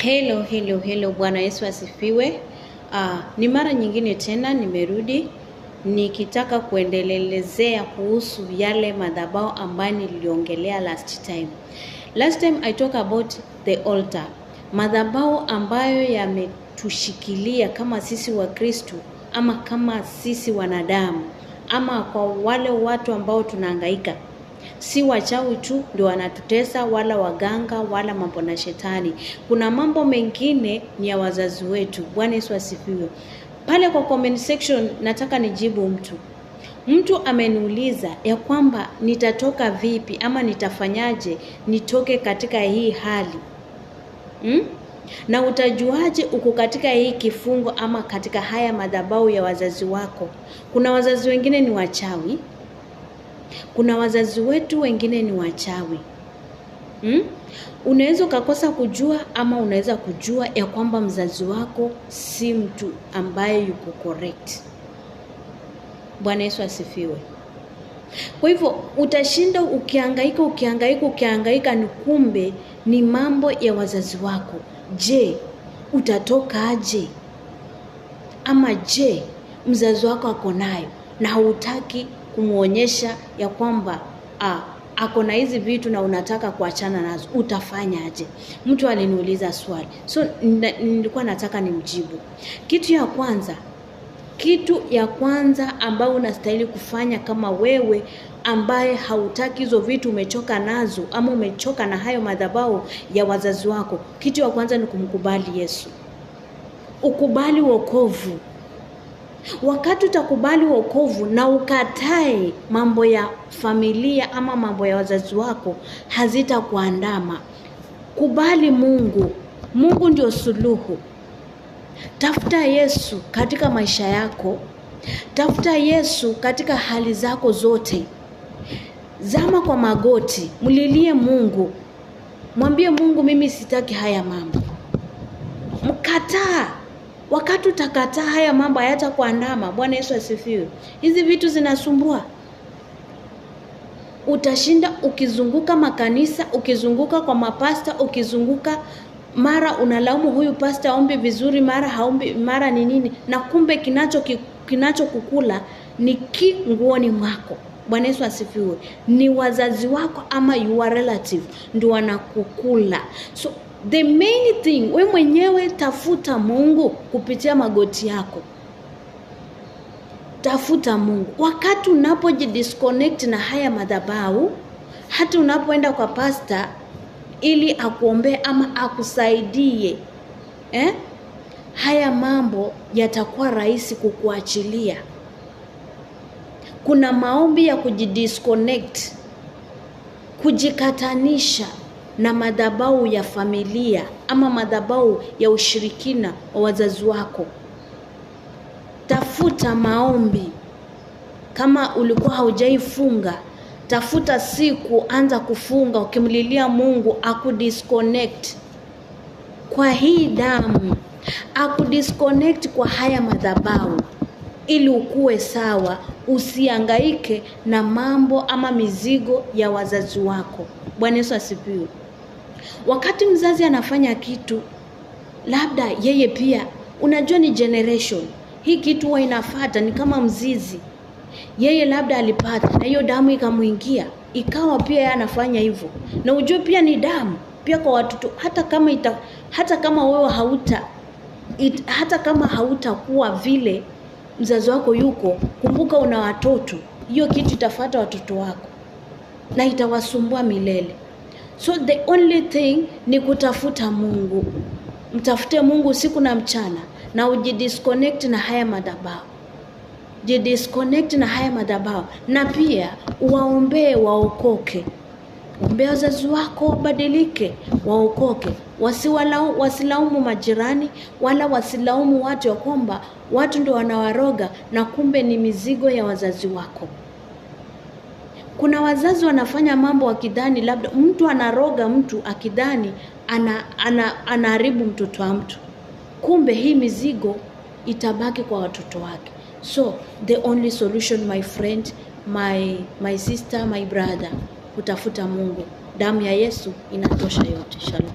Hello, hello, hello. Bwana Yesu asifiwe. Aa, ah, ni mara nyingine tena nimerudi nikitaka kuendelelezea kuhusu yale madhabahu ambayo niliongelea last time. Last time I talk about the altar. Madhabahu ambayo yametushikilia kama sisi wa Kristo ama kama sisi wanadamu ama kwa wale watu ambao tunahangaika Si wachawi tu ndio wanatutesa, wala waganga, wala mambo na shetani. Kuna mambo mengine ni ya wazazi wetu. Bwana Yesu asifiwe. Pale kwa comment section nataka nijibu mtu Mtu ameniuliza ya kwamba nitatoka vipi ama nitafanyaje nitoke katika hii hali hmm? Na utajuaje uko katika hii kifungo ama katika haya madhabahu ya wazazi wako? Kuna wazazi wengine ni wachawi, kuna wazazi wetu wengine ni wachawi hmm? Unaweza ukakosa kujua ama unaweza kujua ya kwamba mzazi wako si mtu ambaye yuko correct. Bwana Yesu asifiwe. Kwa hivyo utashinda ukiangaika ukiangaika ukiangaika ni kumbe ni mambo ya wazazi wako. Je, utatoka aje? Ama je, mzazi wako ako nayo na hautaki kumwonyesha ya kwamba a, ako na hizi vitu na unataka kuachana nazo, utafanyaje? Mtu aliniuliza swali, so nilikuwa nataka nimjibu. Kitu ya kwanza, kitu ya kwanza ambayo unastahili kufanya kama wewe ambaye hautaki hizo vitu, umechoka nazo ama umechoka na hayo madhabahu ya wazazi wako, kitu ya kwanza ni kumkubali Yesu, ukubali wokovu. Wakati utakubali wokovu na ukatae mambo ya familia ama mambo ya wazazi wako, hazitakuandama. Kubali Mungu. Mungu ndio suluhu. Tafuta Yesu katika maisha yako, tafuta Yesu katika hali zako zote. Zama kwa magoti, mlilie Mungu, mwambie Mungu, mimi sitaki haya mambo. Mkataa Wakati utakataa haya mambo hayatakuandama. Bwana Yesu asifiwe. Hizi vitu zinasumbua. Utashinda ukizunguka makanisa, ukizunguka kwa mapasta, ukizunguka mara unalaumu huyu pasta ombi vizuri, mara haombi, mara ni nini, na kumbe kinacho kinachokukula ni ki nguoni mwako. Bwana Yesu asifiwe. Ni wazazi wako ama your relative ndio wanakukula. So the main thing we mwenyewe tafuta Mungu kupitia magoti yako tafuta Mungu wakati unapojidisconnect na haya madhabahu hata unapoenda kwa pasta ili akuombee ama akusaidie eh? haya mambo yatakuwa rahisi kukuachilia kuna maombi ya kujidisconnect kujikatanisha na madhabahu ya familia ama madhabahu ya ushirikina wa wazazi wako. Tafuta maombi. Kama ulikuwa haujaifunga, tafuta siku, anza kufunga ukimlilia Mungu akudisconnect kwa hii damu, akudisconnect kwa haya madhabahu ili ukuwe sawa, usiangaike na mambo ama mizigo ya wazazi wako. Bwana Yesu asifiwe. Wakati mzazi anafanya kitu, labda yeye pia, unajua ni generation hii, kitu huwa inafata, ni kama mzizi. Yeye labda alipata na hiyo damu ikamwingia, ikawa pia yeye anafanya hivyo, na ujue pia ni damu pia kwa watoto, hata kama ita, hata kama wewe hauta it, hata kama hautakuwa vile mzazi wako yuko, kumbuka una watoto, hiyo kitu itafata watoto wako na itawasumbua milele so the only thing ni kutafuta Mungu, mtafute Mungu siku na mchana, na ujidisconnect na haya madhabahu jidisconnect na haya madhabahu, na pia waombee waokoke. Ombea wazazi wako wabadilike, waokoke, wasiwalau, wasilaumu majirani wala wasilaumu watu ya kwamba watu ndio wanawaroga na kumbe ni mizigo ya wazazi wako. Kuna wazazi wanafanya mambo akidhani labda mtu anaroga mtu akidhani ana, ana, anaharibu mtoto wa mtu, kumbe hii mizigo itabaki kwa watoto wake. So the only solution my friend, my, my sister, my brother, kutafuta Mungu. Damu ya Yesu inatosha yote. Shalom.